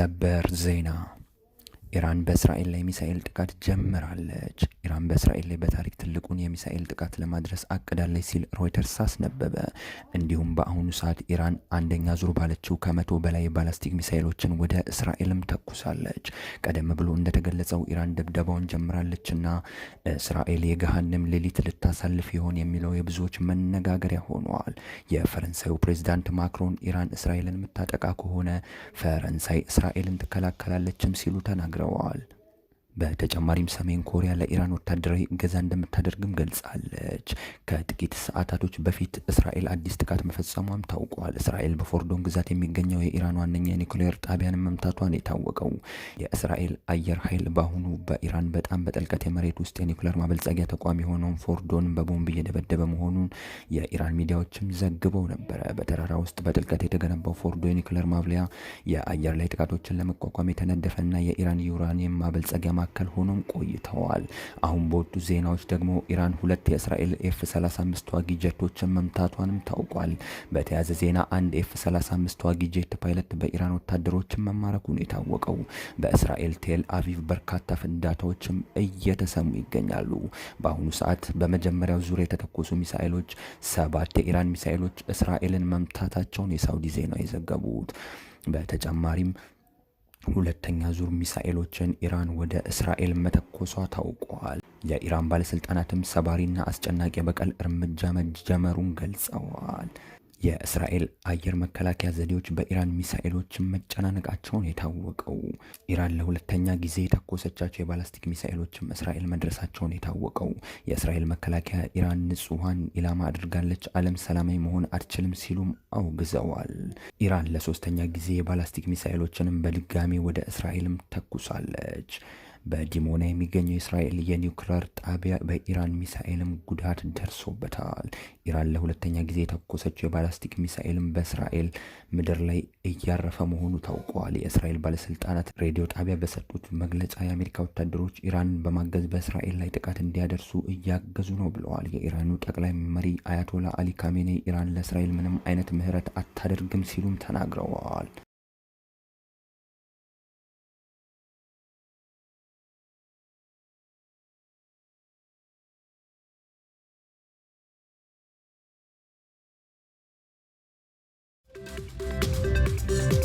ሰበር ዜና ኢራን በእስራኤል ላይ ሚሳኤል ጥቃት ጀምራለች። ኢራን በእስራኤል ላይ በታሪክ ትልቁን የሚሳኤል ጥቃት ለማድረስ አቅዳለች ሲል ሮይተርስ አስነበበ። እንዲሁም በአሁኑ ሰዓት ኢራን አንደኛ ዙር ባለችው ከመቶ በላይ ባላስቲክ ሚሳኤሎችን ወደ እስራኤልም ተኩሳለች። ቀደም ብሎ እንደተገለጸው ኢራን ድብደባውን ጀምራለችና እስራኤል የገሃንም ሌሊት ልታሳልፍ ይሆን የሚለው የብዙዎች መነጋገሪያ ሆኗል። የፈረንሳዩ ፕሬዚዳንት ማክሮን ኢራን እስራኤልን የምታጠቃ ከሆነ ፈረንሳይ እስራኤልን ትከላከላለችም ሲሉ ተናግረዋል። at all. በተጨማሪም ሰሜን ኮሪያ ለኢራን ወታደራዊ እገዛ እንደምታደርግም ገልጻለች። ከጥቂት ሰዓታቶች በፊት እስራኤል አዲስ ጥቃት መፈጸሟም ታውቋል። እስራኤል በፎርዶን ግዛት የሚገኘው የኢራን ዋነኛ የኒውክሌር ጣቢያን መምታቷን የታወቀው የእስራኤል አየር ኃይል በአሁኑ በኢራን በጣም በጥልቀት የመሬት ውስጥ የኒኩሌር ማበልጸጊያ ተቋም የሆነውን ፎርዶን በቦምብ እየደበደበ መሆኑን የኢራን ሚዲያዎችም ዘግበው ነበረ። በተራራ ውስጥ በጥልቀት የተገነባው ፎርዶ የኒኩሌር ማብለያ የአየር ላይ ጥቃቶችን ለመቋቋም የተነደፈና የኢራን ዩራኒየም ማበልጸጊያ ማዕከል ሆኖም ቆይተዋል። አሁን በወጡ ዜናዎች ደግሞ ኢራን ሁለት የእስራኤል ኤፍ 35 ተዋጊ ጀቶችን መምታቷንም ታውቋል። በተያያዘ ዜና አንድ ኤፍ 35 ተዋጊ ጀት ፓይለት በኢራን ወታደሮችን መማረኩን የታወቀው በእስራኤል ቴል አቪቭ በርካታ ፍንዳታዎችም እየተሰሙ ይገኛሉ። በአሁኑ ሰዓት በመጀመሪያው ዙሪያ የተተኮሱ ሚሳኤሎች ሰባት የኢራን ሚሳኤሎች እስራኤልን መምታታቸውን የሳውዲ ዜና የዘገቡት በተጨማሪም ሁለተኛ ዙር ሚሳኤሎችን ኢራን ወደ እስራኤል መተኮሷ ታውቋል። የኢራን ባለስልጣናትም ሰባሪና አስጨናቂ በቀል እርምጃ መጀመሩን ገልጸዋል። የእስራኤል አየር መከላከያ ዘዴዎች በኢራን ሚሳኤሎች መጨናነቃቸውን የታወቀው ኢራን ለሁለተኛ ጊዜ የተኮሰቻቸው የባላስቲክ ሚሳኤሎችም እስራኤል መድረሳቸውን የታወቀው የእስራኤል መከላከያ ኢራን ንጹሐን ኢላማ አድርጋለች፣ ዓለም ሰላማዊ መሆን አትችልም ሲሉም አውግዘዋል። ኢራን ለሶስተኛ ጊዜ የባላስቲክ ሚሳኤሎችንም በድጋሚ ወደ እስራኤልም ተኩሳለች። በዲሞና የሚገኘው የእስራኤል የኒውክሌር ጣቢያ በኢራን ሚሳኤልም ጉዳት ደርሶበታል። ኢራን ለሁለተኛ ጊዜ የተኮሰችው የባላስቲክ ሚሳኤልም በእስራኤል ምድር ላይ እያረፈ መሆኑ ታውቋል። የእስራኤል ባለስልጣናት ሬዲዮ ጣቢያ በሰጡት መግለጫ የአሜሪካ ወታደሮች ኢራንን በማገዝ በእስራኤል ላይ ጥቃት እንዲያደርሱ እያገዙ ነው ብለዋል። የኢራኑ ጠቅላይ መሪ አያቶላ አሊ ካሜኔ ኢራን ለእስራኤል ምንም አይነት ምህረት አታደርግም ሲሉም ተናግረዋል። thank you